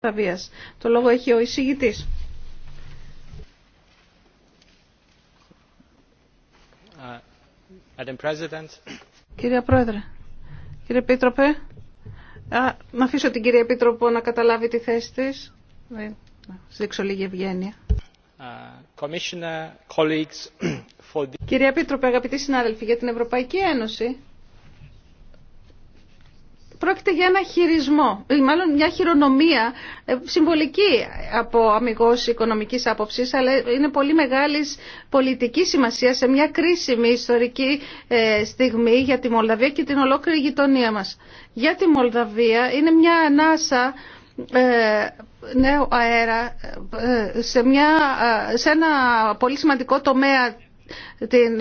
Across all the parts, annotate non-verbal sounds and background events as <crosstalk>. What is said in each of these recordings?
Αραβίας. Το λόγο έχει ο εισηγητής. Uh, κυρία Πρόεδρε, κύριε Πίτροπε, α, να αφήσω την κυρία Επίτροπο να καταλάβει τη θέση της. Ναι, σας Δείξω λίγη ευγένεια. Uh, <clears throat> Κυρία Επίτροπε, αγαπητοί συνάδελφοι, για την Ευρωπαϊκή Ένωση Πρόκειται για ένα χειρισμό, ή μάλλον μια χειρονομία ε, συμβολική από αμυγός οικονομικής άποψης, αλλά είναι πολύ μεγάλης πολιτική σημασία σε μια κρίσιμη ιστορική ε, στιγμή για τη Μολδαβία και την ολόκληρη γειτονία μας. Για τη Μολδαβία είναι μια ανάσα ε, νέου αέρα σε, μια, σε ένα πολύ σημαντικό τομέα την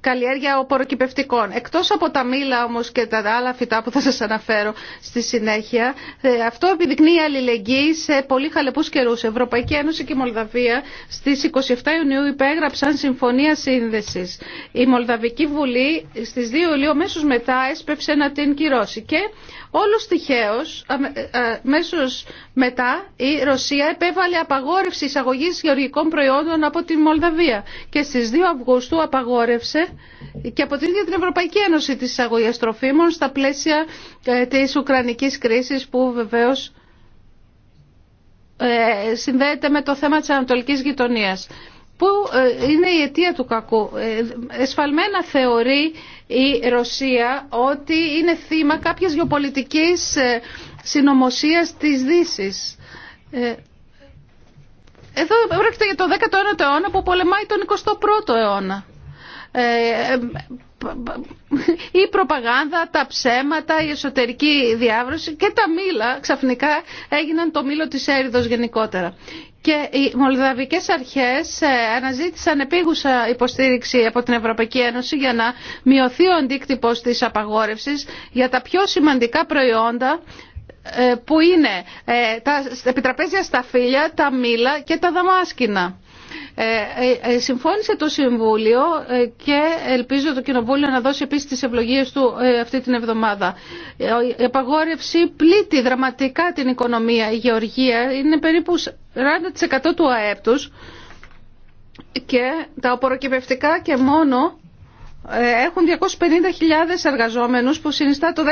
καλλιέργεια οποροκυπευτικών. Εκτός από τα μήλα όμως και τα άλλα φυτά που θα σας αναφέρω στη συνέχεια, ε, αυτό επιδεικνύει αλληλεγγύη σε πολύ χαλεπούς καιρούς. Η Ευρωπαϊκή Ένωση και η Μολδαβία στις 27 Ιουνίου υπέγραψαν συμφωνία σύνδεσης. Η Μολδαβική Βουλή στις 2 Ιουλίου αμέσω μετά έσπευσε να την κυρώσει και όλος τυχαίω, ε, ε, αμέσω μετά η Ρωσία επέβαλε απαγόρευση εισαγωγής γεωργικών προϊόντων από τη Μολδαβία και στις 2 Αυγούστου απαγόρευση απαγόρευσε και από την την Ευρωπαϊκή Ένωση τη Αγωγή τροφίμων στα πλαίσια ε, της Ουκρανικής κρίσης που βεβαίως ε, συνδέεται με το θέμα της Ανατολικής Γειτονίας. Πού ε, είναι η αιτία του κακού. Εσφαλμένα θεωρεί η Ρωσία ότι είναι θύμα κάποιας γεωπολιτικής συνωμοσίας της Δύσης. Εδώ πρόκειται για το 19ο αιώνα που πολεμάει τον 21ο αιώνα. Ε, ε, η προπαγάνδα, τα ψέματα, η εσωτερική διάβρωση και τα μήλα ξαφνικά έγιναν το μήλο της έρηδος γενικότερα. Και οι μολδαβικές αρχές ε, αναζήτησαν επίγουσα υποστήριξη από την Ευρωπαϊκή Ένωση για να μειωθεί ο αντίκτυπος της απαγόρευσης για τα πιο σημαντικά προϊόντα που είναι τα επιτραπέζια σταφύλια, τα μήλα και τα δαμάσκηνα. Ε, ε, ε, συμφώνησε το Συμβούλιο και ελπίζω το Κοινοβούλιο να δώσει επίσης τις ευλογίες του αυτή την εβδομάδα. Η απαγόρευση πλήττει δραματικά την οικονομία. Η γεωργία είναι περίπου 40% του ΑΕΠ τους και τα οποροκυπευτικά και μόνο έχουν 250.000 εργαζόμενους που συνιστά το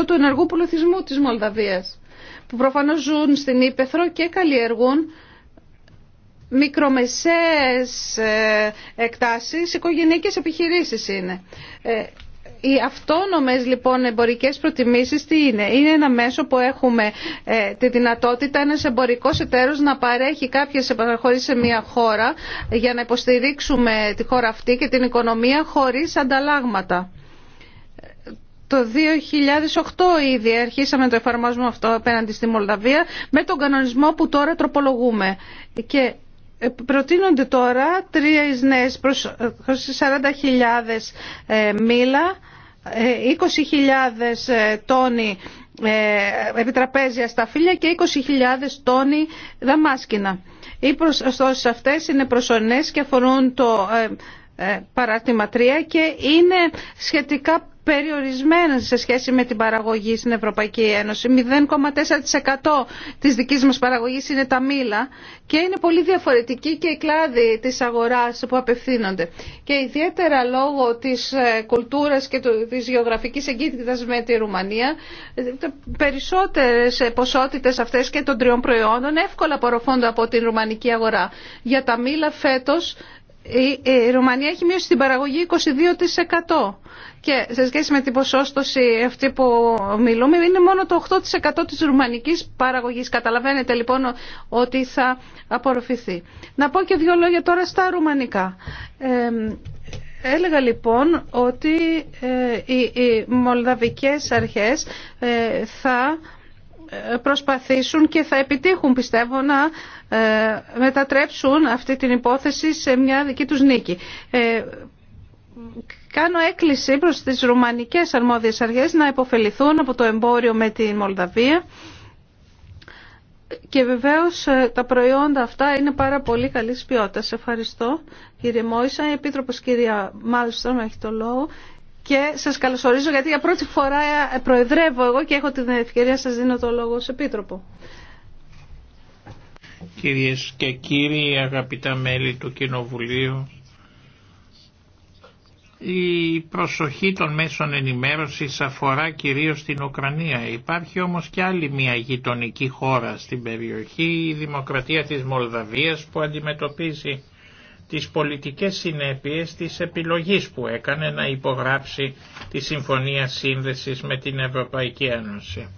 10% του ενεργού πολιτισμού της Μολδαβίας που προφανώς ζουν στην Ήπεθρο και καλλιεργούν μικρομεσαίες ε, εκτάσεις, οικογενειακές επιχειρήσεις είναι. Ε, οι αυτόνομες λοιπόν εμπορικές προτιμήσεις τι είναι. Είναι ένα μέσο που έχουμε ε, τη δυνατότητα ένας εμπορικός εταίρος να παρέχει κάποιες επαναχωρήσεις σε μια χώρα για να υποστηρίξουμε τη χώρα αυτή και την οικονομία χωρίς ανταλλάγματα. Το 2008 ήδη αρχίσαμε το εφαρμόζουμε αυτό απέναντι στη Μολδαβία με τον κανονισμό που τώρα τροπολογούμε. Ε, προτείνονται τώρα τρία νέε προ 40.000 μήλα, 20.000 ε, ε, τόνοι επιτραπέζια σταφύλια και 20.000 τόνοι δαμάσκηνα. Οι προστώσεις αυτέ είναι προσωρινέ και αφορούν το παράρτημα 3 και είναι σχετικά περιορισμένα σε σχέση με την παραγωγή στην Ευρωπαϊκή Ένωση. 0,4% της δικής μας παραγωγής είναι τα μήλα και είναι πολύ διαφορετική και η κλάδη της αγοράς που απευθύνονται. Και ιδιαίτερα λόγω της ε, κουλτούρας και της γεωγραφικής εγκύτητας με τη Ρουμανία, ε, περισσότερες ε, ποσότητες αυτές και των τριών προϊόντων εύκολα απορροφώνται από την ρουμανική αγορά. Για τα μήλα φέτος η Ρουμανία έχει μείωση στην παραγωγή 22% και σε σχέση με την ποσόστοση αυτή που μιλούμε είναι μόνο το 8% της ρουμανικής παραγωγής. Καταλαβαίνετε λοιπόν ότι θα απορροφηθεί. Να πω και δύο λόγια τώρα στα ρουμανικά. Ε, έλεγα λοιπόν ότι ε, οι, οι μολδαβικές αρχές ε, θα προσπαθήσουν και θα επιτύχουν πιστεύω να ε, μετατρέψουν αυτή την υπόθεση σε μια δική τους νίκη. Ε, κάνω έκκληση προς τις ρουμανικές αρμόδιες αρχές να υποφεληθούν από το εμπόριο με τη Μολδαβία και βεβαίως ε, τα προϊόντα αυτά είναι πάρα πολύ καλής ποιότητας. Ευχαριστώ κύριε Μόησα. Η Επίτροπος κυρία Μάλστρομ έχει το λόγο και σας καλωσορίζω γιατί για πρώτη φορά ε, προεδρεύω εγώ και έχω την ευκαιρία σας δίνω το λόγο σε επίτροπο. Κυρίες και κύριοι αγαπητά μέλη του Κοινοβουλίου, η προσοχή των μέσων ενημέρωσης αφορά κυρίως την Ουκρανία. Υπάρχει όμως και άλλη μια γειτονική χώρα στην περιοχή, η Δημοκρατία της Μολδαβίας που αντιμετωπίζει τις πολιτικές συνέπειες της επιλογής που έκανε να υπογράψει τη Συμφωνία Σύνδεσης με την Ευρωπαϊκή Ένωση.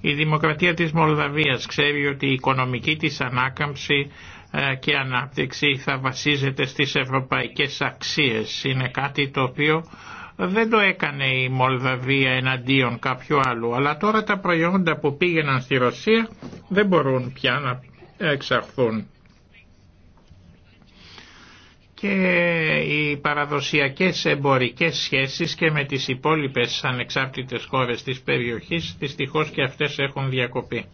Η Δημοκρατία της Μολδαβίας ξέρει ότι η οικονομική της ανάκαμψη ε, και ανάπτυξη θα βασίζεται στις ευρωπαϊκές αξίες. Είναι κάτι το οποίο δεν το έκανε η Μολδαβία εναντίον κάποιου άλλου, αλλά τώρα τα προϊόντα που πήγαιναν στη Ρωσία δεν μπορούν πια να εξαρθούν και οι παραδοσιακές εμπορικές σχέσεις και με τις υπόλοιπες ανεξάρτητες χώρες της περιοχής δυστυχώς και αυτές έχουν διακοπεί.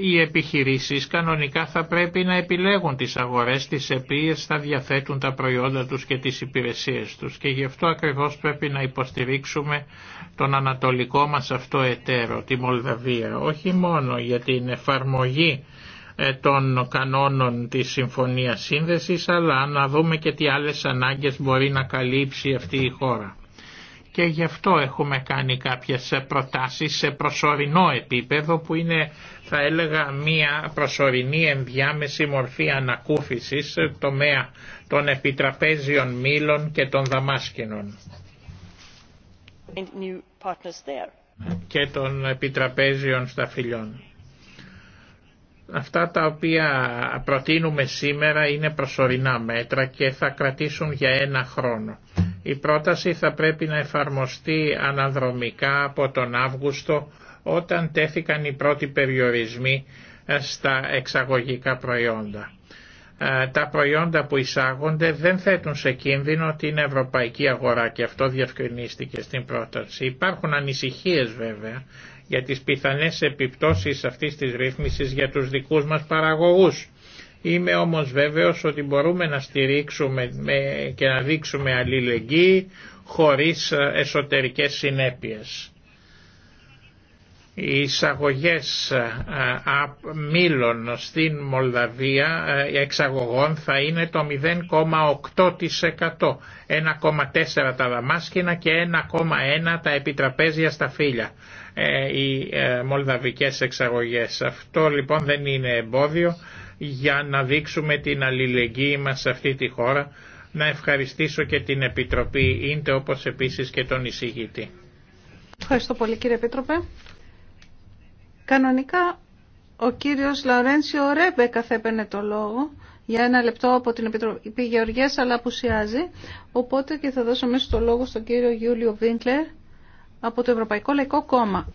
Οι επιχειρήσεις κανονικά θα πρέπει να επιλέγουν τις αγορές τις οποίες θα διαθέτουν τα προϊόντα τους και τις υπηρεσίες τους και γι' αυτό ακριβώς πρέπει να υποστηρίξουμε τον ανατολικό μας αυτό εταίρο, τη Μολδαβία, όχι μόνο για την εφαρμογή ε, των κανόνων της Συμφωνίας Σύνδεσης αλλά να δούμε και τι άλλες ανάγκες μπορεί να καλύψει αυτή η χώρα. Και γι' αυτό έχουμε κάνει κάποιες προτάσεις σε προσωρινό επίπεδο που είναι θα έλεγα μία προσωρινή ενδιάμεση μορφή ανακούφισης τομέα των επιτραπέζιων μήλων και των δαμάσκηνων και των επιτραπέζιων σταφυλιών. Αυτά τα οποία προτείνουμε σήμερα είναι προσωρινά μέτρα και θα κρατήσουν για ένα χρόνο. Η πρόταση θα πρέπει να εφαρμοστεί αναδρομικά από τον Αύγουστο όταν τέθηκαν οι πρώτοι περιορισμοί ε, στα εξαγωγικά προϊόντα. Ε, τα προϊόντα που εισάγονται δεν θέτουν σε κίνδυνο την ευρωπαϊκή αγορά και αυτό διευκρινίστηκε στην πρόταση. Υπάρχουν ανησυχίες βέβαια για τις πιθανές επιπτώσεις αυτής της ρύθμισης για τους δικούς μας παραγωγούς. Είμαι όμως βέβαιος ότι μπορούμε να στηρίξουμε και να δείξουμε αλληλεγγύη χωρίς ε, εσωτερικές συνέπειες. Οι εισαγωγές ε, μήλων στην Μολδαβία ε, εξαγωγών θα είναι το 0,8%. 1,4% τα δαμάσκηνα και 1,1% τα επιτραπέζια στα φύλλα. Ε, οι μολδαβικές εξαγωγές. Αυτό λοιπόν δεν είναι εμπόδιο για να δείξουμε την αλληλεγγύη μας σε αυτή τη χώρα. Να ευχαριστήσω και την Επιτροπή Ίντε όπως επίσης και τον εισηγητή. Ευχαριστώ πολύ κύριε Επίτροπε. Κανονικά ο κύριος Λαουρένσιο Ρέμπεκα θα το λόγο για ένα λεπτό από την Επιτροπή Γεωργίας αλλά απουσιάζει. Οπότε και θα δώσω μέσα το λόγο στον κύριο Γιούλιο Βίνκλερ από το Ευρωπαϊκό Λαϊκό Κόμμα.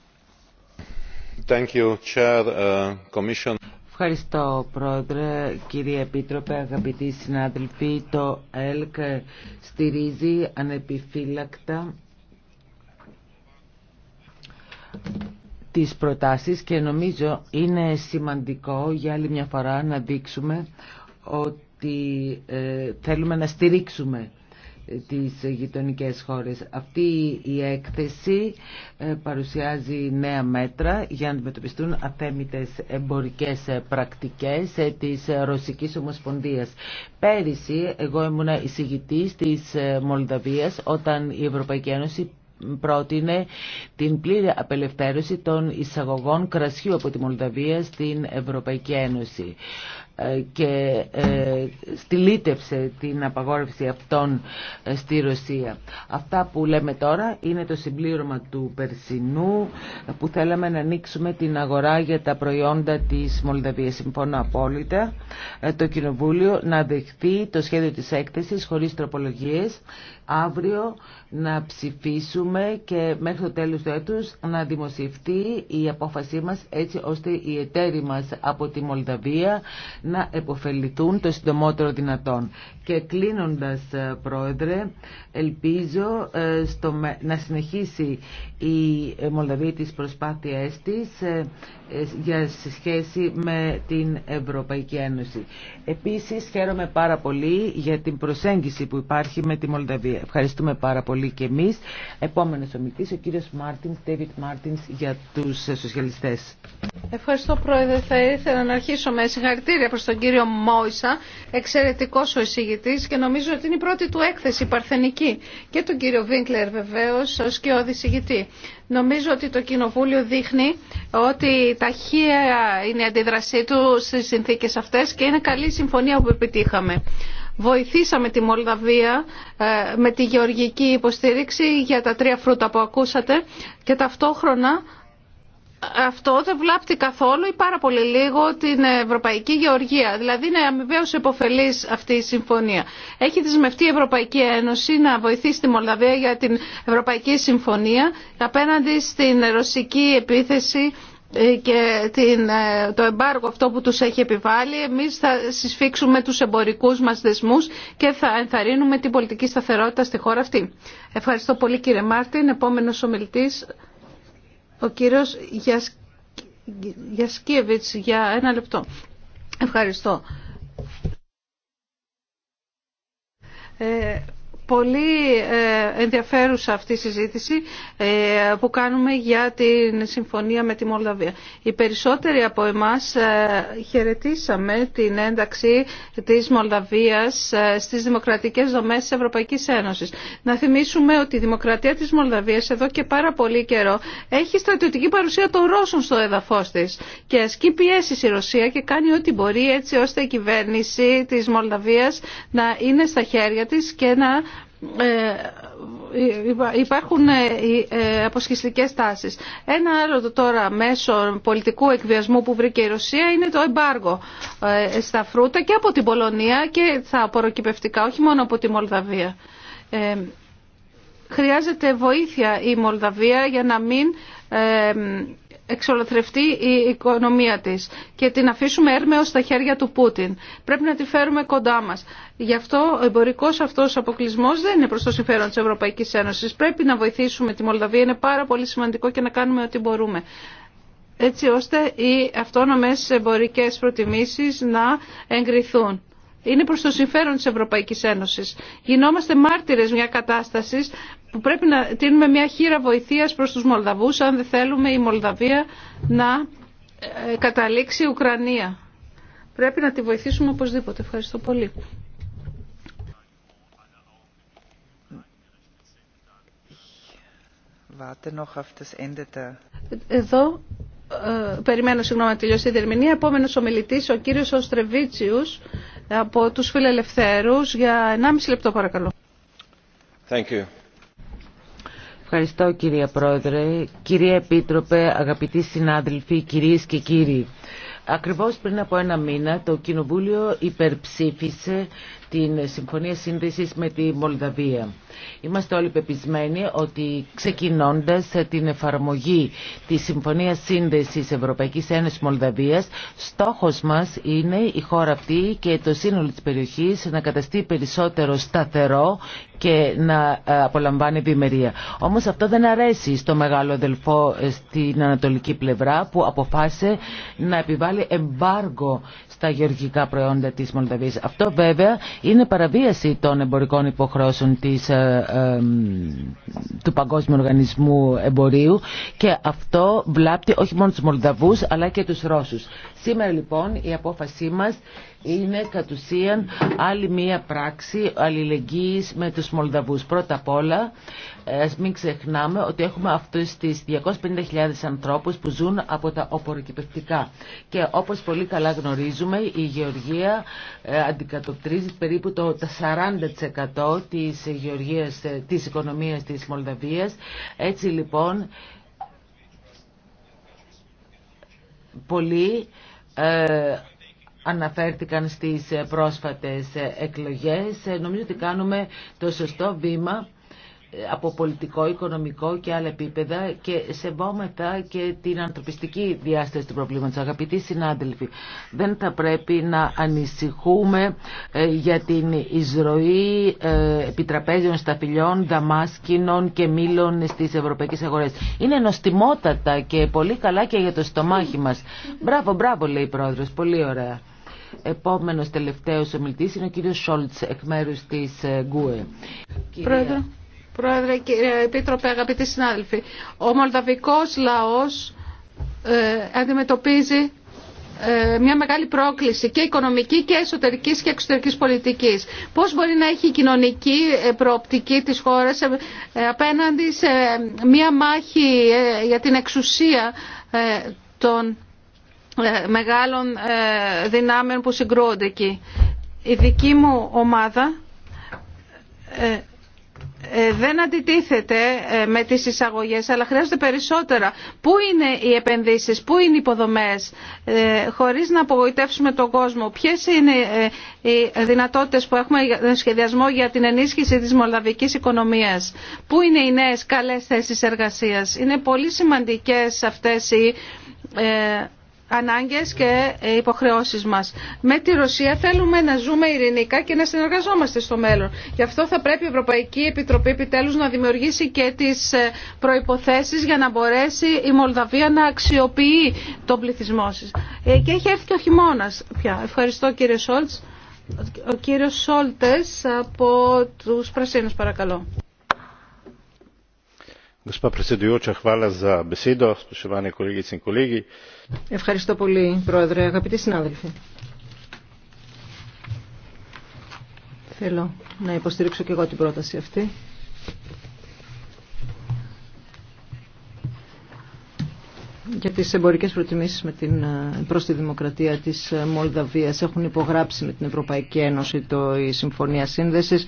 Thank you, Chair, uh, Commission. Ευχαριστώ Πρόεδρε, κύριε Επίτροπε, αγαπητοί συνάδελφοι. Το ΕΛΚ στηρίζει ανεπιφύλακτα τις προτάσεις και νομίζω είναι σημαντικό για άλλη μια φορά να δείξουμε ότι ε, θέλουμε να στηρίξουμε ε, τις γειτονικέ χώρες. Αυτή η έκθεση ε, παρουσιάζει νέα μέτρα για να αντιμετωπιστούν αθέμητες εμπορικές πρακτικές της Ρωσικής Ομοσπονδίας. Πέρυσι εγώ ήμουνα εισηγητής της Μολδαβίας όταν η Ευρωπαϊκή Ένωση πρότεινε την πλήρη απελευθέρωση των εισαγωγών κρασιού από τη Μολδαβία στην Ευρωπαϊκή Ένωση. Ε, και ε, στυλίτευσε την απαγόρευση αυτών ε, στη Ρωσία. Αυτά που λέμε τώρα είναι το συμπλήρωμα του Περσινού που θέλαμε να ανοίξουμε την αγορά για τα προϊόντα της Μολδαβίας. Συμφωνώ απόλυτα το Κοινοβούλιο να δεχθεί το σχέδιο της έκθεσης χωρίς τροπολογίες αύριο να ψηφίσουμε και μέχρι το τέλος του έτους να δημοσιευτεί η απόφασή μας έτσι ώστε οι εταίροι μας από τη Μολδαβία να επωφεληθούν το συντομότερο δυνατόν. Και κλείνοντας ε, πρόεδρε, ελπίζω ε, στο, να συνεχίσει η ε, Μολδαβία τις προσπάθειές της για σχέση με την Ευρωπαϊκή Ένωση. Επίσης χαίρομαι πάρα πολύ για την προσέγγιση που υπάρχει με τη Μολδαβία. Ευχαριστούμε πάρα πολύ και εμείς. Επόμενος ομιλητής, ο κύριος Μάρτινς, David Μάρτινς για τους σοσιαλιστές. Ευχαριστώ πρόεδρε. Θα ήθελα να αρχίσω με συγχαρητήρια προς τον κύριο Μόισα. Εξαιρετικός ο εισηγητής και νομίζω ότι είναι η πρώτη του έκθεση παρθενική και τον κύριο Βίνκλερ βεβαίω ω και ο Νομίζω ότι το Κοινοβούλιο δείχνει ότι ταχεία είναι η αντίδρασή του στι συνθήκε αυτές και είναι καλή συμφωνία που επιτύχαμε. Βοηθήσαμε τη Μολδαβία ε, με τη γεωργική υποστήριξη για τα τρία φρούτα που ακούσατε και ταυτόχρονα αυτό δεν βλάπτει καθόλου ή πάρα πολύ λίγο την Ευρωπαϊκή Γεωργία. Δηλαδή είναι αμοιβαίω επωφελή αυτή η συμφωνία. Έχει δεσμευτεί η Ευρωπαϊκή Ένωση να βοηθήσει τη Μολδαβία για την Ευρωπαϊκή Συμφωνία απέναντι στην ρωσική επίθεση ε, και την, ε, το εμπάργο αυτό που τους έχει επιβάλει εμείς θα συσφίξουμε τους εμπορικούς μας δεσμούς και θα ενθαρρύνουμε την πολιτική σταθερότητα στη χώρα αυτή. Ευχαριστώ πολύ κύριε Μάρτιν. Επόμενος ομιλητής ο κύριος Γιασκίεβιτ, Γιασκίεβιτς για ένα λεπτό. Ευχαριστώ. Ε, πολύ ε, ενδιαφέρουσα αυτή η συζήτηση ε, που κάνουμε για την συμφωνία με τη Μολδαβία. Οι περισσότεροι από εμάς ε, χαιρετήσαμε την ένταξη της Μολδαβίας στις δημοκρατικές δομές της Ευρωπαϊκής Ένωσης. Να θυμίσουμε ότι η δημοκρατία της Μολδαβίας εδώ και πάρα πολύ καιρό έχει στρατιωτική παρουσία των Ρώσων στο έδαφος της και ασκεί πιέσει η Ρωσία και κάνει ό,τι μπορεί έτσι ώστε η κυβέρνηση της Μολδαβίας να είναι στα χέρια της και να ε, υπάρχουν ε, ε, αποσχιστικές τάσεις. Ένα άλλο τώρα μέσο πολιτικού εκβιασμού που βρήκε η Ρωσία είναι το εμπάργο στα φρούτα και από την Πολωνία και θα απορροκυπευτικά, όχι μόνο από τη Μολδαβία. Χρειάζεται βοήθεια η Μολδαβία για να μην εξολοθρευτεί η οικονομία της και την αφήσουμε έρμεως στα χέρια του Πούτιν. Πρέπει να τη φέρουμε κοντά μας. Γι' αυτό ο εμπορικός αυτός αποκλεισμός δεν είναι προς το συμφέρον της Ευρωπαϊκής Ένωσης. Πρέπει να βοηθήσουμε τη Μολδαβία, είναι πάρα πολύ σημαντικό και να κάνουμε ό,τι μπορούμε έτσι ώστε οι αυτόνομες εμπορικές προτιμήσεις να εγκριθούν. Είναι προς το συμφέρον της Ευρωπαϊκής Ένωσης. Γινόμαστε μάρτυρες μια κατάστασης που πρέπει να τίνουμε μια χείρα βοηθείας προς τους Μολδαβούς αν δεν θέλουμε η Μολδαβία να ε, καταλήξει η Ουκρανία. Πρέπει να τη βοηθήσουμε οπωσδήποτε. Ευχαριστώ πολύ. Εδώ ε, περιμένω συγγνώμη να τελειώσει η διερμηνία. Επόμενο ο κύριο Οστρεβίτσιου από του Φιλελευθέρου. Για 1,5 λεπτό, παρακαλώ. Thank you. Ευχαριστώ κυρία Πρόεδρε, κυρία Επίτροπε, αγαπητοί συνάδελφοι, κυρίες και κύριοι. Ακριβώς πριν από ένα μήνα το Κοινοβούλιο υπερψήφισε την Συμφωνία Σύνδεσης με τη Μολδαβία. Είμαστε όλοι πεπισμένοι ότι ξεκινώντας την εφαρμογή της Συμφωνίας Σύνδεσης Ευρωπαϊκής Ένωσης Μολδαβίας, στόχος μας είναι η χώρα αυτή και το σύνολο της περιοχής να καταστεί περισσότερο σταθερό και να ε, απολαμβάνει ευημερία. Όμως αυτό δεν αρέσει στο μεγάλο αδελφό ε, στην ανατολική πλευρά που αποφάσισε να επιβάλλει εμπάργκο τα γεωργικά προϊόντα της Μολδαβίας. Αυτό βέβαια είναι παραβίαση των εμπορικών υποχρώσεων της, ε, του Παγκόσμιου Οργανισμού Εμπορίου και αυτό βλάπτει όχι μόνο τους Μολδαβούς αλλά και τους Ρώσους. Σήμερα λοιπόν η απόφασή μας είναι κατ' ουσίαν άλλη μία πράξη αλληλεγγύης με τους Μολδαβούς. Πρώτα απ' όλα, ας μην ξεχνάμε ότι έχουμε αυτούς τις 250.000 ανθρώπους που ζουν από τα οποροκυπευτικά. Και όπως πολύ καλά γνωρίζουμε, η Γεωργία ε, αντικατοπτρίζει περίπου το 40% της, γεωργίας, ε, της οικονομίας της Μολδαβίας. Έτσι λοιπόν, πολύ αναφέρθηκαν στις πρόσφατες εκλογές. Ε, νομίζω ότι κάνουμε το σωστό βήμα από πολιτικό, οικονομικό και άλλα επίπεδα και σεβόμεθα και την ανθρωπιστική διάσταση του προβλήματος. Αγαπητοί συνάδελφοι, δεν θα πρέπει να ανησυχούμε ε, για την εισρωή ε, επιτραπέζιων σταφυλιών, δαμάσκινων και μήλων στι ευρωπαϊκές Αγορέ. Είναι νοστιμότατα και πολύ καλά και για το στομάχι μας. Μπράβο, μπράβο λέει η Πρόεδρος, πολύ ωραία. Επόμενο τελευταίο ομιλητή είναι ο κύριο Σόλτ, εκ μέρους της ε, ΓΚΟΕ. Πρόεδρο. Πρόεδρε, κύριε Επίτροπε, αγαπητοί συνάδελφοι. Ο μολδαβικός λαός ε, αντιμετωπίζει ε, μια μεγάλη πρόκληση και οικονομική και εσωτερικής και εξωτερικής πολιτικής. Πώς μπορεί να έχει η κοινωνική ε, προοπτική της χώρας ε, απέναντι σε μια μάχη για την εξουσία των μεγάλων δυνάμεων που συγκρούονται εκεί. Η δική μου ομάδα ε, δεν αντιτίθεται ε, με τις εισαγωγές, αλλά χρειάζονται περισσότερα. Πού είναι οι επενδύσεις, πού είναι οι υποδομές, ε, χωρίς να απογοητεύσουμε τον κόσμο. Ποιες είναι οι δυνατότητες που έχουμε σχεδιασμό για την ενίσχυση της μολδαβικής οικονομίας. Πού είναι οι νέες καλές θέσεις εργασίας. Είναι πολύ σημαντικές αυτές οι ανάγκες και υποχρεώσεις μας. Με τη Ρωσία θέλουμε να ζούμε ειρηνικά και να συνεργαζόμαστε στο μέλλον. Γι' αυτό θα πρέπει η Ευρωπαϊκή Επιτροπή επιτέλους να δημιουργήσει και τις ε, προϋποθέσεις για να μπορέσει η Μολδαβία να αξιοποιεί τον πληθυσμό της. Ε, και έχει έρθει και ο χειμώνα πια. Ευχαριστώ κύριε Σόλτς. Ο κύριος Σόλτες από τους Πρασίνους παρακαλώ ευχαριστώ πολύ πρόεδρε αγαπητοί συνάδελφοι. θέλω να υποστηρίξω και εγώ την πρόταση αυτή. για τις εμπορικές προτιμήσεις με την, προς τη δημοκρατία της Μολδαβίας έχουν υπογράψει με την Ευρωπαϊκή Ένωση το, η Συμφωνία Σύνδεσης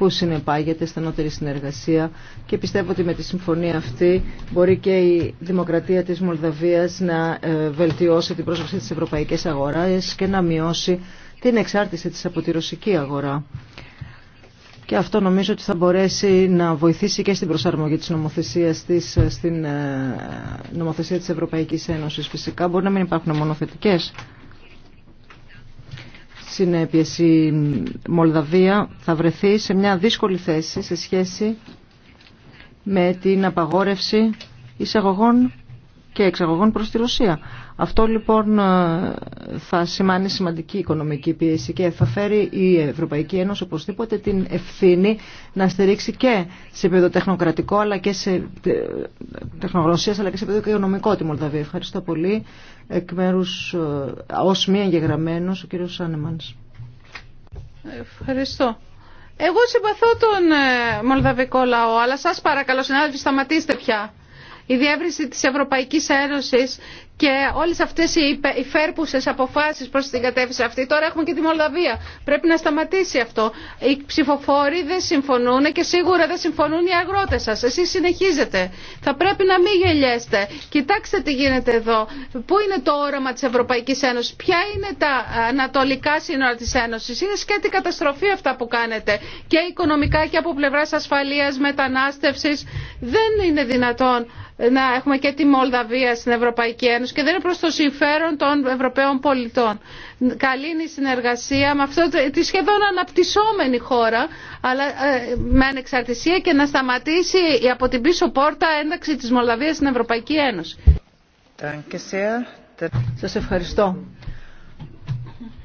που συνεπάγεται στενότερη συνεργασία και πιστεύω ότι με τη συμφωνία αυτή μπορεί και η δημοκρατία της Μολδαβίας να ε, βελτιώσει την πρόσβαση της ευρωπαϊκής αγοράς και να μειώσει την εξάρτηση της από τη ρωσική αγορά. Και αυτό νομίζω ότι θα μπορέσει να βοηθήσει και στην προσαρμογή της νομοθεσίας ε, στην ε, νομοθεσία της Ευρωπαϊκής Ένωσης. Φυσικά μπορεί να μην υπάρχουν μόνο θετικές συνέπειες. Η Μολδαβία θα βρεθεί σε μια δύσκολη θέση σε σχέση με την απαγόρευση εισαγωγών και εξαγωγών προς τη Ρωσία. Αυτό λοιπόν θα σημάνει σημαντική οικονομική πίεση και θα φέρει η Ευρωπαϊκή Ένωση οπωσδήποτε την ευθύνη να στηρίξει και σε επίπεδο τεχνοκρατικό αλλά και σε ε, τεχνογνωσίας αλλά και σε επίπεδο οικονομικό τη Μολδαβία. Ευχαριστώ πολύ εκ μέρους, ε, ως μια εγγεγραμμένος ο κύριος Σάνεμανς. Ευχαριστώ. Εγώ συμπαθώ τον ε, μολδαβικό λαό, αλλά σας παρακαλώ συνάδελφοι σταματήστε πια. Η διεύρυνση της Ευρωπαϊκής Ένωσης και όλε αυτέ οι φέρπουσε αποφάσει προ την κατεύθυνση αυτή. Τώρα έχουμε και τη Μολδαβία. Πρέπει να σταματήσει αυτό. Οι ψηφοφόροι δεν συμφωνούν και σίγουρα δεν συμφωνούν οι αγρότε σα. Εσείς συνεχίζετε. Θα πρέπει να μην γελιέστε. Κοιτάξτε τι γίνεται εδώ. Πού είναι το όραμα της Ευρωπαϊκής Ένωσης. Ποια είναι τα ανατολικά σύνορα της Ένωσης. Είναι σκέτη καταστροφή αυτά που ειναι το οραμα τη ευρωπαικη ενωση ποια ειναι τα ανατολικα συνορα τη ενωση ειναι σκετη καταστροφη αυτα που κανετε Και οικονομικά και από πλευρά ασφαλεία μετανάστευση. Δεν είναι δυνατόν να έχουμε και τη Μολδαβία στην Ευρωπαϊκή Ένωση και δεν είναι προς το συμφέρον των Ευρωπαίων πολιτών. Καλή είναι η συνεργασία με αυτό τη σχεδόν αναπτυσσόμενη χώρα, αλλά ε, με ανεξαρτησία και να σταματήσει από την πίσω πόρτα ένταξη της Μολδαβίας στην Ευρωπαϊκή Ένωση. Σας ευχαριστώ.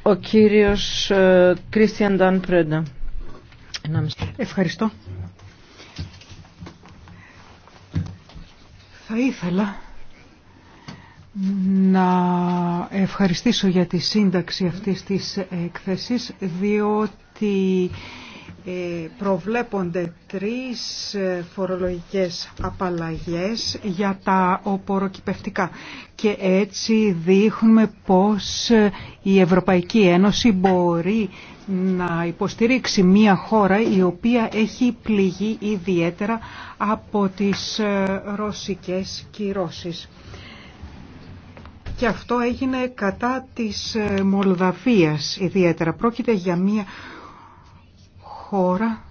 Ο κύριος Κρίστιαν Νταν Πρέντα. Ευχαριστώ. Θα ήθελα να ευχαριστήσω για τη σύνταξη αυτής της έκθεσης διότι ε, προβλέπονται τρεις ε, φορολογικές απαλλαγές για τα οποροκυπευτικά και έτσι δείχνουμε πως ε, η Ευρωπαϊκή Ένωση μπορεί να υποστηρίξει μια χώρα η οποία έχει πληγεί ιδιαίτερα από τις ρωσικές κυρώσεις και αυτό έγινε κατά της ε, Μολδαβίας ιδιαίτερα. Πρόκειται για μια χώρα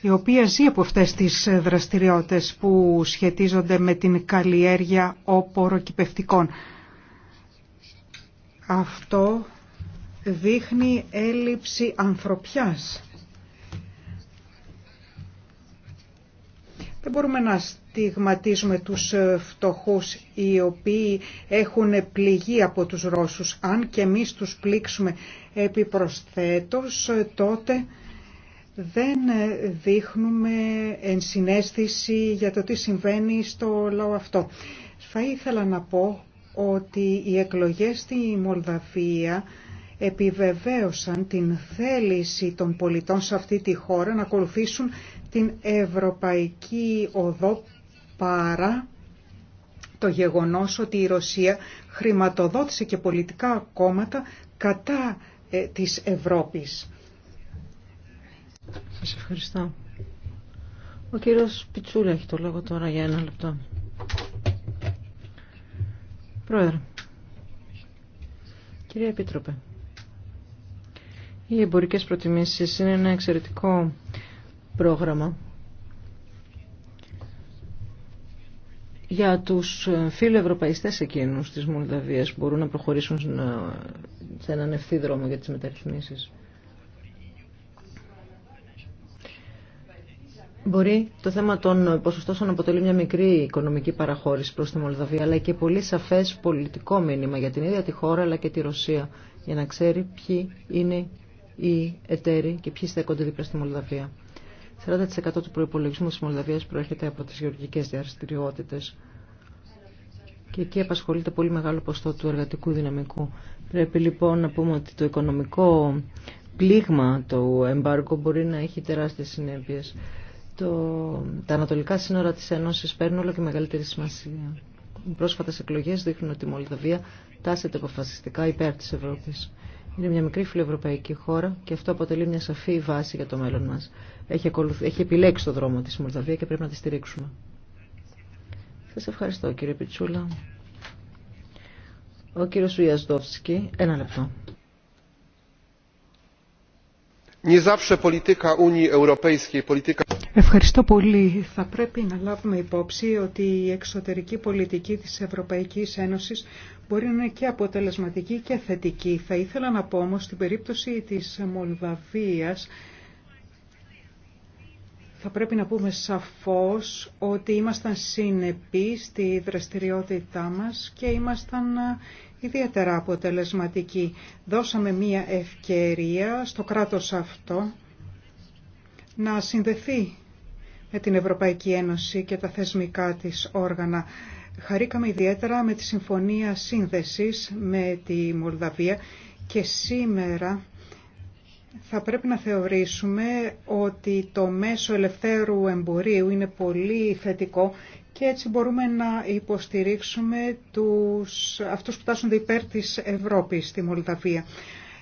η οποία ζει από αυτές τις ε, δραστηριότητες που σχετίζονται με την καλλιέργεια κυπευτικών. Αυτό δείχνει έλλειψη ανθρωπιάς Δεν μπορούμε να στιγματίζουμε τους ε, φτωχούς οι οποίοι έχουν πληγεί από τους Ρώσους. Αν και εμείς τους πλήξουμε επιπροσθέτως, ε, τότε δεν ε, δείχνουμε ενσυναίσθηση για το τι συμβαίνει στο λαό αυτό. Θα ήθελα να πω ότι οι εκλογές στη Μολδαβία επιβεβαίωσαν την θέληση των πολιτών σε αυτή τη χώρα να ακολουθήσουν την ευρωπαϊκή οδό παρά το γεγονός ότι η Ρωσία χρηματοδότησε και πολιτικά κόμματα κατά ε, της Ευρώπης. Σας ευχαριστώ. Ο κύριος Πιτσούλα έχει το λόγο τώρα για ένα λεπτό. Πρόεδρε, κυρία Επίτροπε, οι εμπορικέ προτιμήσεις είναι ένα εξαιρετικό πρόγραμμα για τους φιλοευρωπαϊστές εκείνους της Μολδαβίας που μπορούν να προχωρήσουν σε έναν ευθύ δρόμο για τις μεταρρυθμίσεις. Μπορεί το θέμα των ποσοστώσεων να αποτελεί μια μικρή οικονομική παραχώρηση προς τη Μολδαβία, αλλά και πολύ σαφές πολιτικό μήνυμα για την ίδια τη χώρα αλλά και τη Ρωσία, για να ξέρει ποιοι είναι ή εταίροι και ποιοι στέκονται δίπλα στη Μολδαβία. 40% του προπολογισμού τη Μολδαβία προέρχεται από τι γεωργικές διαστηριότητε. Και εκεί απασχολείται πολύ μεγάλο ποστό του εργατικού δυναμικού. Πρέπει λοιπόν να πούμε ότι το οικονομικό πλήγμα του εμπάργκο μπορεί να έχει τεράστιες συνέπειε. Τα ανατολικά σύνορα τη Ένωση παίρνουν όλο και μεγαλύτερη σημασία. Οι πρόσφατες εκλογές δείχνουν ότι η Μολδαβία τάσεται αποφασιστικά υπέρ τη Ευρώπη. Είναι μια μικρή φιλοευρωπαϊκή χώρα και αυτό αποτελεί μια σαφή βάση για το μέλλον μας. Έχει, επιλέξει το δρόμο της Μολδαβία και πρέπει να τη στηρίξουμε. Σας ευχαριστώ κύριε Πιτσούλα. Ο κύριος Ουιαζδόφσκι, ένα λεπτό. Ευχαριστώ πολύ. Θα πρέπει να λάβουμε υπόψη ότι η εξωτερική πολιτική της Ευρωπαϊκής Ένωσης μπορεί να είναι και αποτελεσματική και θετική. Θα ήθελα να πω όμως στην περίπτωση της Μολδαβίας θα πρέπει να πούμε σαφώς ότι ήμασταν συνεπείς στη δραστηριότητά μας και ήμασταν ιδιαίτερα αποτελεσματικοί. Δώσαμε μία ευκαιρία στο κράτος αυτό να συνδεθεί με την Ευρωπαϊκή Ένωση και τα θεσμικά της όργανα. Χαρήκαμε ιδιαίτερα με τη Συμφωνία Σύνδεσης με τη Μολδαβία και σήμερα θα πρέπει να θεωρήσουμε ότι το μέσο ελευθέρου εμπορίου είναι πολύ θετικό και έτσι μπορούμε να υποστηρίξουμε τους, αυτούς που τάσσονται υπέρ της Ευρώπης στη Μολδαβία.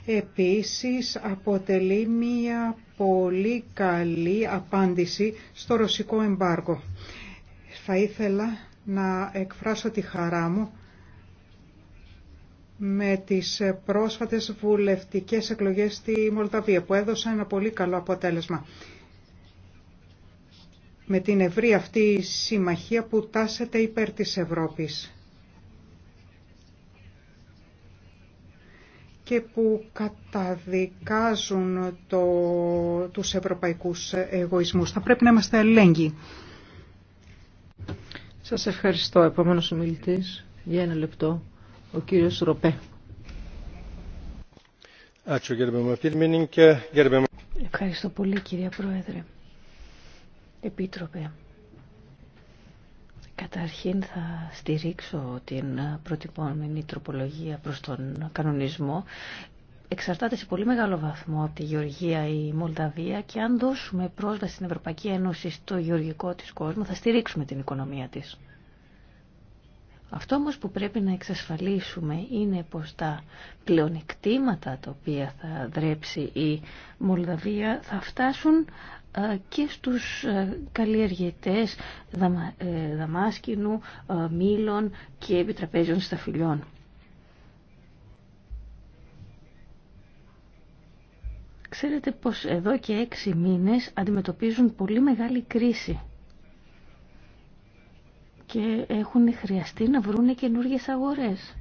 Επίσης αποτελεί μια πολύ καλή απάντηση στο ρωσικό εμπάργο. Θα ήθελα να εκφράσω τη χαρά μου με τις πρόσφατες βουλευτικές εκλογές στη Μολδαβία που έδωσαν ένα πολύ καλό αποτέλεσμα. Με την ευρύ αυτή συμμαχία που τάσεται υπέρ της Ευρώπης. και που καταδικάζουν το, τους ευρωπαϊκούς εγωισμούς. Θα πρέπει να είμαστε ελέγγυοι. Σας ευχαριστώ. Επόμενος ομιλητής για ένα λεπτό, ο κύριος Ροπέ. Ευχαριστώ πολύ κύριε Πρόεδρε. Επίτροπε. Καταρχήν θα στηρίξω την προτυπώμενη τροπολογία προς τον κανονισμό εξαρτάται σε πολύ μεγάλο βαθμό από τη Γεωργία η Μολδαβία και αν δώσουμε πρόσβαση στην Ευρωπαϊκή Ένωση στο γεωργικό της κόσμο θα στηρίξουμε την οικονομία της. Αυτό όμως που πρέπει να εξασφαλίσουμε είναι πως τα πλεονεκτήματα τα οποία θα δρέψει η Μολδαβία θα φτάσουν ε, και στους ε, καλλιεργητές ε, δαμάσκηνου, μήλων και επιτραπέζιων σταφυλιών. Ξέρετε πως εδώ και έξι μήνες αντιμετωπίζουν πολύ μεγάλη κρίση και έχουν χρειαστεί να βρουν καινούργιες αγορές.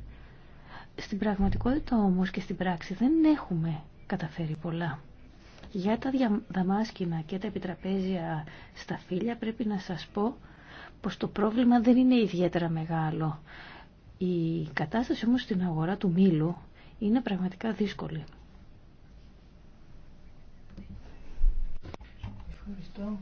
Στην πραγματικότητα όμως και στην πράξη δεν έχουμε καταφέρει πολλά. Για τα δαμάσκηνα και τα επιτραπέζια στα φύλλα πρέπει να σας πω πως το πρόβλημα δεν είναι ιδιαίτερα μεγάλο. Η κατάσταση όμως στην αγορά του μήλου είναι πραγματικά δύσκολη. Ευχαριστώ.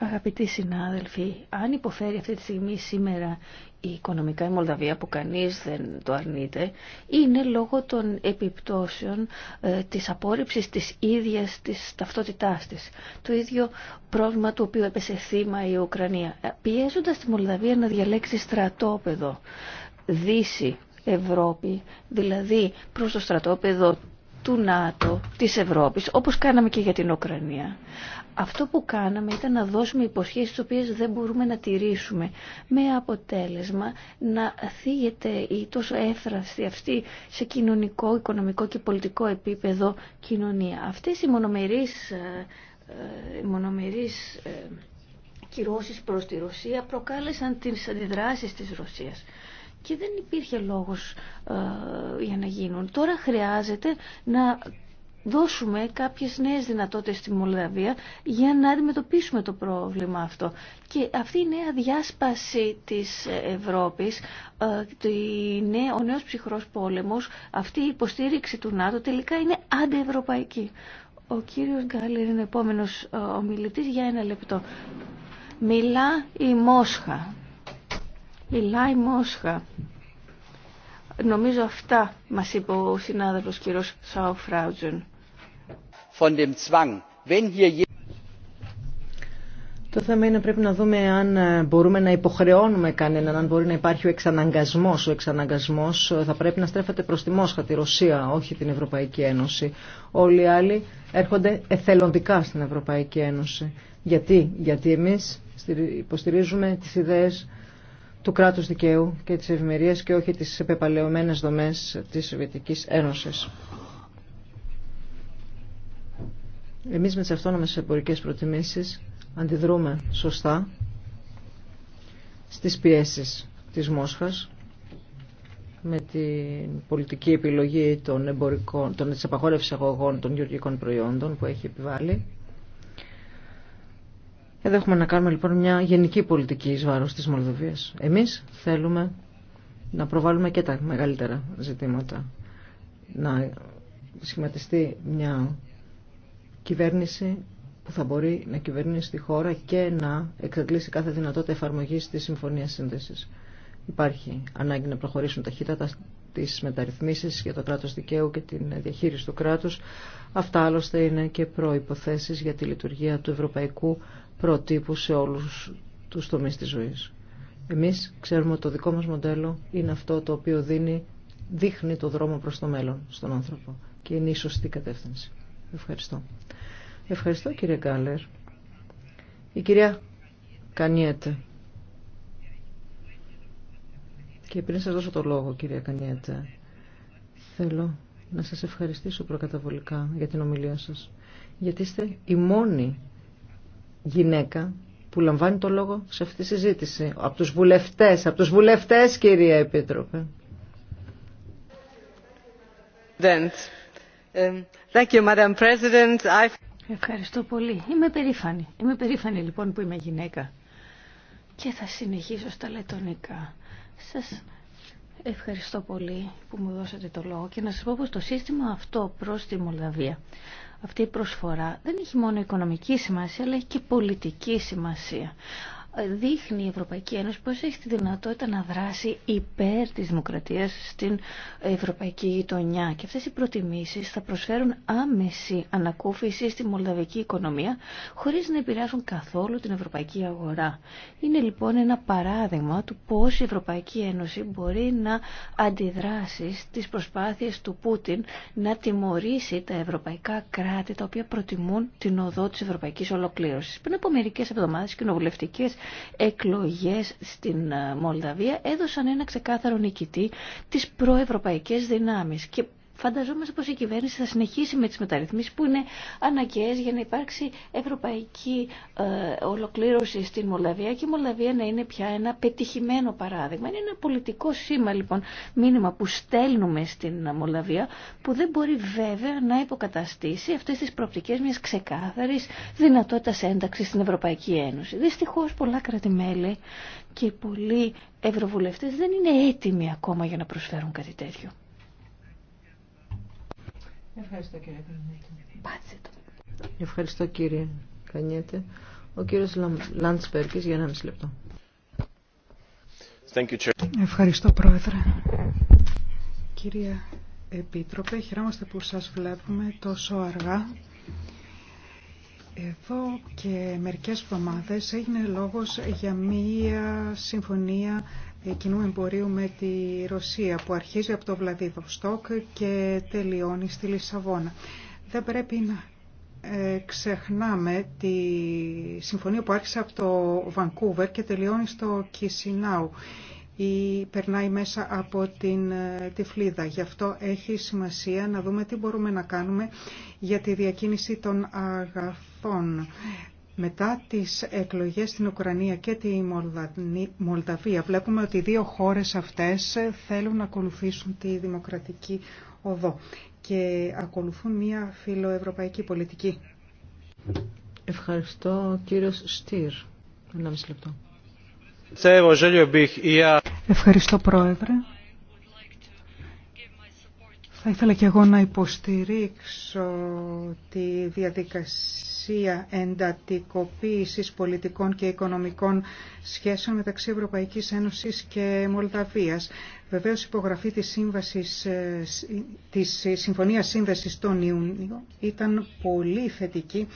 Ο Αγαπητοί συνάδελφοι, αν υποφέρει αυτή τη στιγμή σήμερα η οικονομικά η Μολδαβία που κανείς δεν το αρνείται, είναι λόγω των επιπτώσεων ε, της απόρριψης της ίδιας της ταυτότητάς της. Το ίδιο πρόβλημα το οποίο έπεσε θύμα η Ουκρανία. Ε, πιέζοντας τη Μολδαβία να διαλέξει στρατόπεδο, δύση, Ευρώπη, δηλαδή προς το στρατόπεδο του ΝΑΤΟ, της Ευρώπης, όπως κάναμε και για την Ουκρανία. Αυτό που κάναμε ήταν να δώσουμε υποσχέσεις τις οποίες δεν μπορούμε να τηρήσουμε, με αποτέλεσμα να θίγεται η τόσο έφραστη αυτή σε κοινωνικό, οικονομικό και πολιτικό επίπεδο κοινωνία. Αυτές οι μονομερείς, ε, ε, οι μονομερείς ε, κυρώσεις προς τη Ρωσία προκάλεσαν τις αντιδράσεις της Ρωσίας και δεν υπήρχε λόγος ε, για να γίνουν. Τώρα χρειάζεται να δώσουμε κάποιες νέες δυνατότητες στη Μολδαβία για να αντιμετωπίσουμε το πρόβλημα αυτό. Και αυτή η νέα διάσπαση της Ευρώπης, ε, ο νέος ψυχρός πόλεμος, αυτή η υποστήριξη του ΝΑΤΟ τελικά είναι αντιευρωπαϊκή. Ο κύριος Γκάλερ είναι επόμενος ε, ομιλητής για ένα λεπτό. Μιλά η Μόσχα. Η Μόσχα. Νομίζω αυτά μας είπε ο συνάδελφος κύριος Σαουφράουτζεν. Το θέμα είναι πρέπει να δούμε αν ε, μπορούμε να υποχρεώνουμε κανέναν, αν μπορεί να υπάρχει ο εξαναγκασμός. Ο εξαναγκασμός ε, θα πρέπει να στρέφεται προς τη Μόσχα, τη Ρωσία, όχι την Ευρωπαϊκή Ένωση. Όλοι οι άλλοι έρχονται εθελοντικά στην Ευρωπαϊκή Ένωση. Γιατί, Γιατί εμείς υποστηρίζουμε τις ιδέες του κράτους δικαίου και της ευημερίας και όχι τις επεπαλαιωμένες δομές της Σοβιετικής Ένωσης. Εμείς με τις αυτόνομες εμπορικές προτιμήσεις αντιδρούμε σωστά στις πιέσεις της Μόσχας με την πολιτική επιλογή των, εμπορικών, των της αγωγών των γεωργικών προϊόντων που έχει επιβάλει εδώ έχουμε να κάνουμε λοιπόν μια γενική πολιτική εις βάρος της Μολδοβίας. Εμείς θέλουμε να προβάλλουμε και τα μεγαλύτερα ζητήματα. Να σχηματιστεί μια κυβέρνηση που θα μπορεί να κυβερνήσει τη χώρα και να εξαντλήσει κάθε δυνατότητα εφαρμογής της Συμφωνίας Σύνδεσης. Υπάρχει ανάγκη να προχωρήσουν ταχύτατα τις μεταρρυθμίσεις για το κράτος δικαίου και την διαχείριση του κράτους. Αυτά άλλωστε είναι και προϋποθέσεις για τη λειτουργία του ευρωπαϊκού προτύπου σε όλους του τομείς της ζωής. Εμείς ξέρουμε ότι το δικό μας μοντέλο είναι αυτό το οποίο δίνει, δείχνει το δρόμο προς το μέλλον στον άνθρωπο και είναι η σωστή κατεύθυνση. Ευχαριστώ. Ευχαριστώ κύριε Κάλερ. Η κυρία Κανιέτε. Και πριν σας δώσω το λόγο κυρία Κανιέτε, θέλω να σας ευχαριστήσω προκαταβολικά για την ομιλία σας. Γιατί είστε η μόνη γυναίκα που λαμβάνει το λόγο σε αυτή τη συζήτηση. Από τους βουλευτές, από τους βουλευτές κυρία Επίτροπε. Um, ευχαριστώ πολύ. Είμαι περήφανη. Είμαι περήφανη λοιπόν που είμαι γυναίκα. Και θα συνεχίσω στα λετωνικά. Σας ευχαριστώ πολύ που μου δώσατε το λόγο και να σας πω πως το σύστημα αυτό προς τη Μολδαβία αυτή η προσφορά δεν έχει μόνο οικονομική σημασία αλλά έχει και πολιτική σημασία δείχνει η Ευρωπαϊκή Ένωση πως έχει τη δυνατότητα να δράσει υπέρ της δημοκρατίας στην ευρωπαϊκή γειτονιά. Και αυτές οι προτιμήσεις θα προσφέρουν άμεση ανακούφιση στη μολδαβική οικονομία χωρίς να επηρεάσουν καθόλου την ευρωπαϊκή αγορά. Είναι λοιπόν ένα παράδειγμα του πώς η Ευρωπαϊκή Ένωση μπορεί να αντιδράσει στις προσπάθειες του Πούτιν να τιμωρήσει τα ευρωπαϊκά κράτη τα οποία προτιμούν την οδό της ευρωπαϊκής ολοκλήρωσης. Πριν από μερικές εβδομάδες κοινοβουλευτικές εκλογές στην ε, Μολδαβία έδωσαν ένα ξεκάθαρο νικητή τις προευρωπαϊκές δυνάμεις και φανταζόμαστε πως η κυβέρνηση θα συνεχίσει με τις μεταρρυθμίσεις που είναι αναγκαίες για να υπάρξει ευρωπαϊκή ε, ολοκλήρωση στην Μολδαβία και η Μολδαβία να είναι πια ένα πετυχημένο παράδειγμα. Είναι ένα πολιτικό σήμα λοιπόν, μήνυμα που στέλνουμε στην Μολδαβία που δεν μπορεί βέβαια να υποκαταστήσει αυτές τις προοπτικές μιας ξεκάθαρης δυνατότητας ένταξης στην Ευρωπαϊκή Ένωση. Δυστυχώς πολλά κρατημέλη και πολλοί ευρωβουλευτές δεν είναι έτοιμοι ακόμα για να προσφέρουν κάτι τέτοιο. Ευχαριστώ κύριε το Ευχαριστώ κύριε Κανιέτε. Ο κύριος Λαντσπέρκης για ένα μισή λεπτό. Ευχαριστώ πρόεδρε. Κυρία Επίτροπε, χαιρόμαστε που σας βλέπουμε τόσο αργά. Εδώ και μερικές εβδομάδες έγινε λόγος για μία συμφωνία ε, κοινού εμπορίου με τη Ρωσία που αρχίζει από το Βλαδιβοστόκ και τελειώνει στη Λισαβόνα. Δεν πρέπει να ε, ξεχνάμε τη συμφωνία που άρχισε από το Βανκούβερ και τελειώνει στο Κισινάου ή περνάει μέσα από την ε, τυφλίδα. Γι' αυτό έχει σημασία να δούμε τι μπορούμε να κάνουμε για τη διακίνηση των αγαθών. Μετά τις εκλογές στην Ουκρανία και τη Μολδαβία βλέπουμε ότι οι δύο χώρες αυτές θέλουν να ακολουθήσουν τη δημοκρατική οδό και ακολουθούν μια φιλοευρωπαϊκή πολιτική. Ευχαριστώ κύριος Στήρ. Ένα μισή λεπτό. Ευχαριστώ πρόεδρε. Θα ήθελα και εγώ να υποστηρίξω τη διαδικασία διαδικασία εντατικοποίησης πολιτικών και οικονομικών σχέσεων μεταξύ Ευρωπαϊκής Ένωσης και Μολδαβίας. Βεβαίως υπογραφή της, σύμβασης, ε, της ε, Συμφωνίας Σύνδεσης τον Ιούνιο ήταν πολύ θετική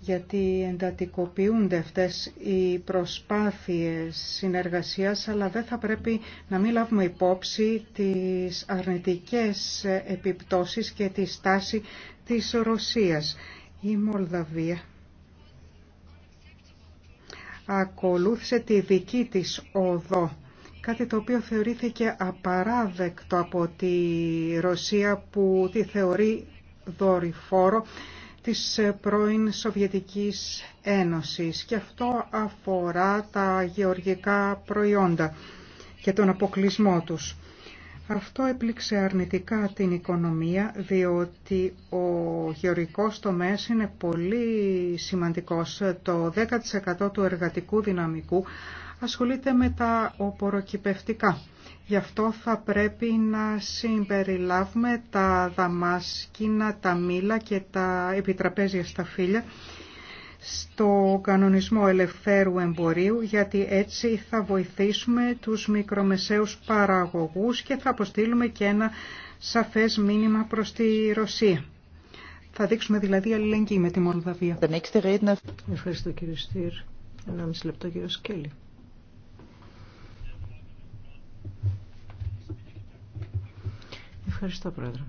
γιατί εντατικοποιούνται αυτές οι προσπάθειες συνεργασίας, αλλά δεν θα πρέπει να μην λάβουμε υπόψη τις αρνητικές επιπτώσεις και τη στάση της Ρωσίας. Η Μολδαβία ακολούθησε τη δική της οδό, κάτι το οποίο θεωρήθηκε απαράδεκτο από τη Ρωσία που τη θεωρεί δορυφόρο της πρώην Σοβιετικής Ένωσης και αυτό αφορά τα γεωργικά προϊόντα και τον αποκλεισμό τους. Αυτό έπληξε αρνητικά την οικονομία διότι ο γεωργικός τομέας είναι πολύ σημαντικός. Το 10% του εργατικού δυναμικού ασχολείται με τα οποροκυπευτικά. Γι' αυτό θα πρέπει να συμπεριλάβουμε τα δαμάσκηνα, τα μήλα και τα επιτραπέζια σταφύλια στο κανονισμό ελευθέρου εμπορίου γιατί έτσι θα βοηθήσουμε τους μικρομεσαίους παραγωγούς και θα αποστείλουμε και ένα σαφές μήνυμα προς τη Ρωσία. Θα δείξουμε δηλαδή αλληλεγγύη με τη Μολδαβία. Ευχαριστώ κύριε Στήρ. Ένα μισή λεπτό κύριο Σκέλη. Ευχαριστώ πρόεδρε.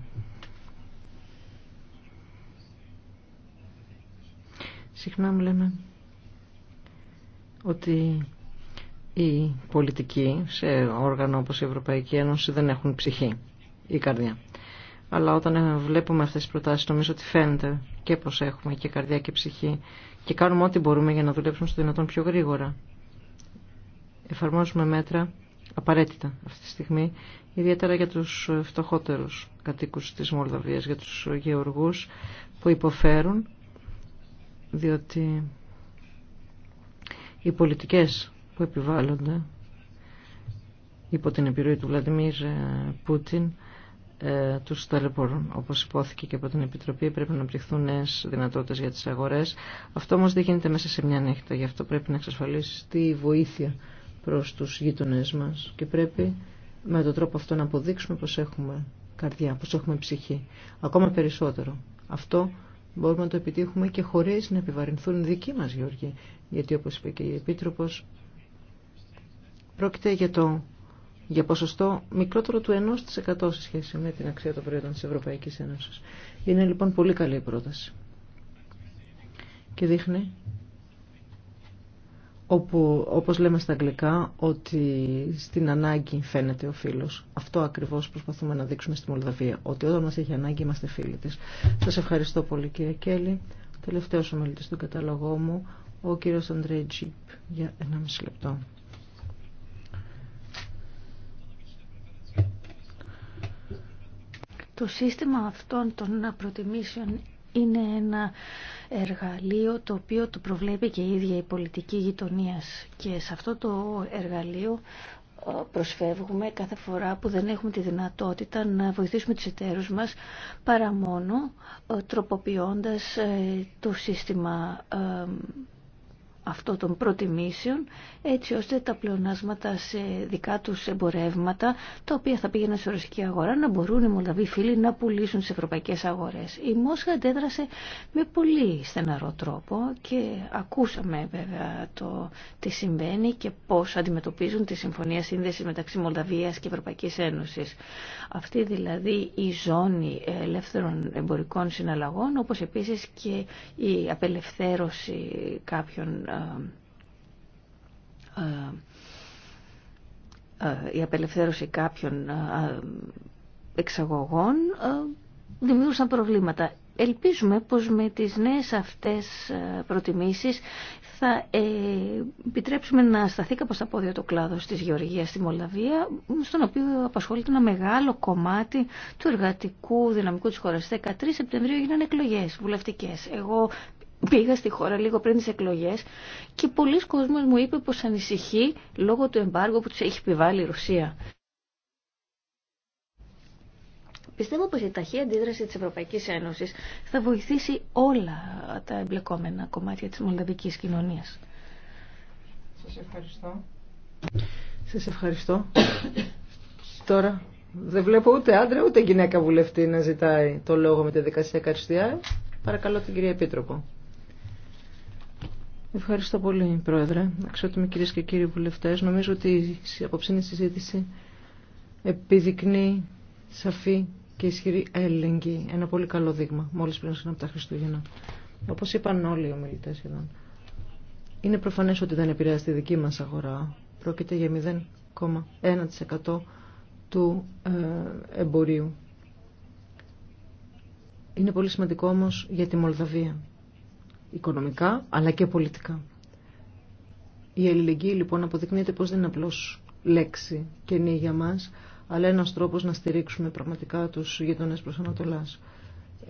Συχνά μου λέμε ότι οι πολιτικοί σε όργανα όπως η Ευρωπαϊκή Ένωση δεν έχουν ψυχή ή καρδιά. Αλλά όταν βλέπουμε αυτές τις προτάσεις νομίζω ότι φαίνεται και πως έχουμε και καρδιά και ψυχή και κάνουμε ό,τι μπορούμε για να δουλέψουμε στο δυνατόν πιο γρήγορα. Εφαρμόζουμε μέτρα απαραίτητα αυτή τη στιγμή, ιδιαίτερα για τους φτωχότερους κατοίκους της Μολδαβίας, για τους γεωργούς που υποφέρουν διότι οι πολιτικές που επιβάλλονται υπό την επιρροή του Βλαντιμίρ ε, Πούτιν ε, τους ταλαιπωρούν. Όπως υπόθηκε και από την Επιτροπή πρέπει να πληχθούν νέε δυνατότητες για τις αγορές. Αυτό όμως δεν γίνεται μέσα σε μια νύχτα. Γι' αυτό πρέπει να εξασφαλίσει τη βοήθεια προς τους γείτονές μας και πρέπει με τον τρόπο αυτό να αποδείξουμε πως έχουμε καρδιά, πως έχουμε ψυχή. Ακόμα περισσότερο. Αυτό μπορούμε να το επιτύχουμε και χωρίς να επιβαρυνθούν δικοί μας Γιώργη. Γιατί όπως είπε και η Επίτροπος, πρόκειται για, το, για ποσοστό μικρότερο του 1% σε σχέση με την αξία των προϊόντων της Ευρωπαϊκής Ένωσης. Είναι λοιπόν πολύ καλή η πρόταση. Και δείχνει όπου όπως λέμε στα αγγλικά ότι στην ανάγκη φαίνεται ο φίλος. Αυτό ακριβώς προσπαθούμε να δείξουμε στη Μολδαβία, ότι όταν μας έχει ανάγκη είμαστε φίλοι της. Σας ευχαριστώ πολύ κύριε Κέλλη. Τελευταίος ομιλητής του καταλογό μου, ο κύριος Αντρέι Τζιπ, για 1,5 λεπτό. Το σύστημα αυτών των προτιμήσεων είναι ένα εργαλείο το οποίο το προβλέπει και η ίδια η πολιτική γειτονίας. Και σε αυτό το εργαλείο ε, προσφεύγουμε κάθε φορά που δεν έχουμε τη δυνατότητα να βοηθήσουμε τους εταίρους μας παρά μόνο ε, τροποποιώντας ε, το σύστημα αυτό των προτιμήσεων έτσι ώστε τα πλεονάσματα σε δικά τους εμπορεύματα τα οποία θα πήγαιναν σε ρωσική αγορά να μπορούν οι Μολδαβοί φίλοι να πουλήσουν σε ευρωπαϊκές αγορές. Η Μόσχα αντέδρασε με πολύ στεναρό τρόπο και ακούσαμε βέβαια το τι συμβαίνει και πώς αντιμετωπίζουν τη Συμφωνία Σύνδεσης μεταξύ Μολδαβίας και Ευρωπαϊκής Ένωσης. Αυτή δηλαδή η ζώνη ελεύθερων εμπορικών συναλλαγών όπως επίσης και η απελευθέρωση κάποιων ε, ε, ε, ε, η απελευθέρωση κάποιων εξαγωγών δημιούργησαν προβλήματα. Ελπίζουμε πως με τις νέες αυτές προτιμήσεις θα επιτρέψουμε να σταθεί κάπως τα πόδια το κλάδο της γεωργίας στη Μολδαβία, στον οποίο απασχολείται ένα μεγάλο κομμάτι του εργατικού δυναμικού της χώρας. 13 Σεπτεμβρίου έγιναν εκλογές βουλευτικές. Εγώ Πήγα στη χώρα λίγο πριν τις εκλογές και πολλοί κόσμοι μου είπε πως ανησυχεί λόγω του εμπάργου που τους έχει επιβάλει η Ρωσία. Πιστεύω πως η ταχεία αντίδραση της Ευρωπαϊκής Ένωσης θα βοηθήσει όλα τα εμπλεκόμενα κομμάτια της μολδαβικής κοινωνίας. Σας ευχαριστώ. Σας ευχαριστώ. Τώρα δεν βλέπω ούτε άντρα ούτε γυναίκα βουλευτή να ζητάει το λόγο με τη δικασία Καριστιά. Παρακαλώ την κυρία Επίτροπο. Ευχαριστώ πολύ, Πρόεδρε. Αξιότιμοι κύριε και κύριοι βουλευτέ, νομίζω ότι η απόψινη συζήτηση επιδεικνύει σαφή και ισχυρή έλεγγυη. Ένα πολύ καλό δείγμα, Μόλι πριν από τα Χριστούγεννα. Όπω είπαν όλοι οι ομιλητέ, σχεδόν. Είναι προφανέ ότι δεν επηρεάζει τη δική μα αγορά. Πρόκειται για 0,1% του ε, εμπορίου. Είναι πολύ σημαντικό όμω για τη Μολδαβία οικονομικά αλλά και πολιτικά. Η αλληλεγγύη λοιπόν αποδεικνύεται πως δεν είναι απλώς λέξη καινή για μας, αλλά ένας τρόπος να στηρίξουμε πραγματικά τους γειτονές προς Ανατολάς.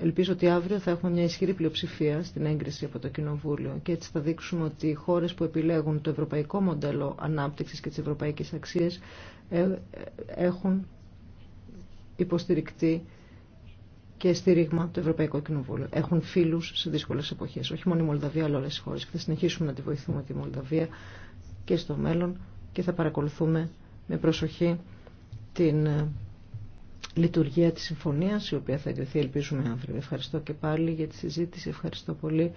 Ελπίζω ότι αύριο θα έχουμε μια ισχυρή πλειοψηφία στην έγκριση από το Κοινοβούλιο και έτσι θα δείξουμε ότι οι χώρες που επιλέγουν το ευρωπαϊκό μοντέλο ανάπτυξης και τις ευρωπαϊκές αξίες ε, ε, έχουν υποστηρικτεί και στήριγμα από το Ευρωπαϊκό Κοινοβούλιο. Έχουν φίλου σε δύσκολε εποχέ. Όχι μόνο η Μολδαβία, αλλά όλε οι χώρε. Και θα συνεχίσουμε να τη βοηθούμε τη Μολδαβία και στο μέλλον και θα παρακολουθούμε με προσοχή την ε, λειτουργία της συμφωνίας, η οποία θα εγκριθεί ελπίζουμε αύριο. Ευχαριστώ και πάλι για τη συζήτηση. Ευχαριστώ πολύ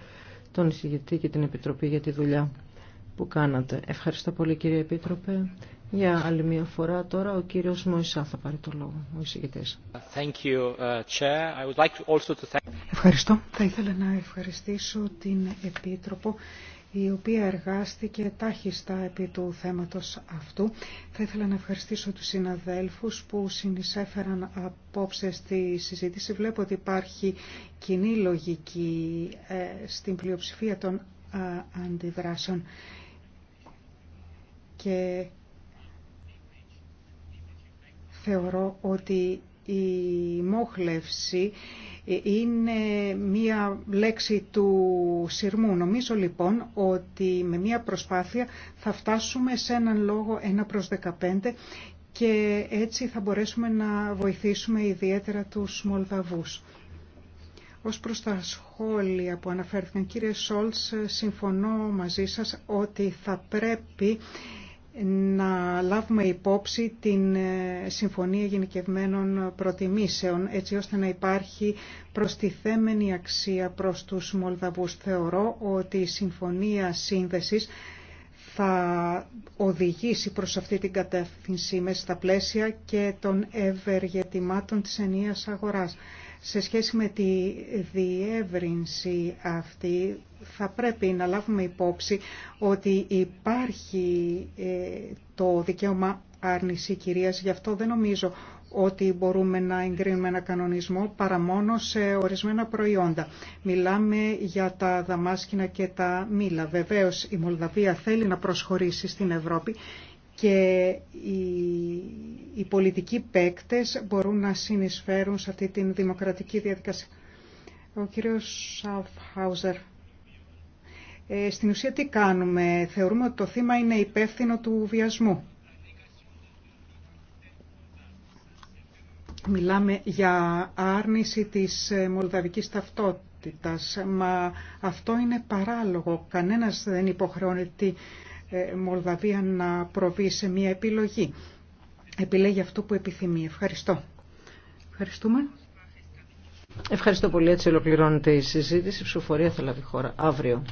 τον εισηγητή και την Επιτροπή για τη δουλειά που κάνατε. Ευχαριστώ πολύ κύριε Επίτροπε. Για άλλη μια φορά τώρα ο κύριος Μωυσά θα πάρει το λόγο, ο εισηγητής. Ευχαριστώ. Θα ήθελα να ευχαριστήσω την Επίτροπο η οποία εργάστηκε τάχιστα επί του θέματος αυτού. Θα ήθελα να ευχαριστήσω τους συναδέλφους που συνεισέφεραν απόψε στη συζήτηση. Βλέπω ότι υπάρχει κοινή λογική ε, στην πλειοψηφία των αντιδράσεων και Θεωρώ ότι η μόχλευση είναι μία λέξη του σειρμού. Νομίζω λοιπόν ότι με μία προσπάθεια θα φτάσουμε σε έναν λόγο 1 προς 15 και έτσι θα μπορέσουμε να βοηθήσουμε ιδιαίτερα τους Μολδαβούς. Ως προς τα σχόλια που αναφέρθηκαν, κύριε Σόλτς, συμφωνώ μαζί σας ότι θα πρέπει να λάβουμε υπόψη την ε, Συμφωνία Γενικευμένων Προτιμήσεων, έτσι ώστε να υπάρχει προστιθέμενη αξία προς τους Μολδαβούς. Θεωρώ ότι η Συμφωνία Σύνδεσης θα οδηγήσει προς αυτή την κατεύθυνση μέσα στα πλαίσια και των ευεργετημάτων της ενίας αγοράς σε σχέση με τη διεύρυνση αυτή θα πρέπει να λάβουμε υπόψη ότι υπάρχει ε, το δικαίωμα άρνηση κυρίας, γι' αυτό δεν νομίζω ότι μπορούμε να εγκρίνουμε ένα κανονισμό παρά μόνο σε ορισμένα προϊόντα. Μιλάμε για τα δαμάσκηνα και τα μήλα. Βεβαίως η Μολδαβία θέλει να προσχωρήσει στην Ευρώπη και οι, πολιτικοί παίκτες μπορούν να συνεισφέρουν σε αυτή την δημοκρατική διαδικασία. Ο κύριος Σαφχάουζερ. Ε, στην ουσία τι κάνουμε. Θεωρούμε ότι το θύμα είναι υπεύθυνο του βιασμού. Μιλάμε για άρνηση της ε, μολδαβικής ταυτότητας, μα αυτό είναι παράλογο. Κανένας δεν υποχρεώνεται ε, Μολδαβία να προβεί σε μια επιλογή. Επιλέγει αυτό που επιθυμεί. Ευχαριστώ. Ευχαριστούμε. Ευχαριστώ πολύ. Έτσι ολοκληρώνεται η συζήτηση. Η ψηφοφορία θα χώρα αύριο.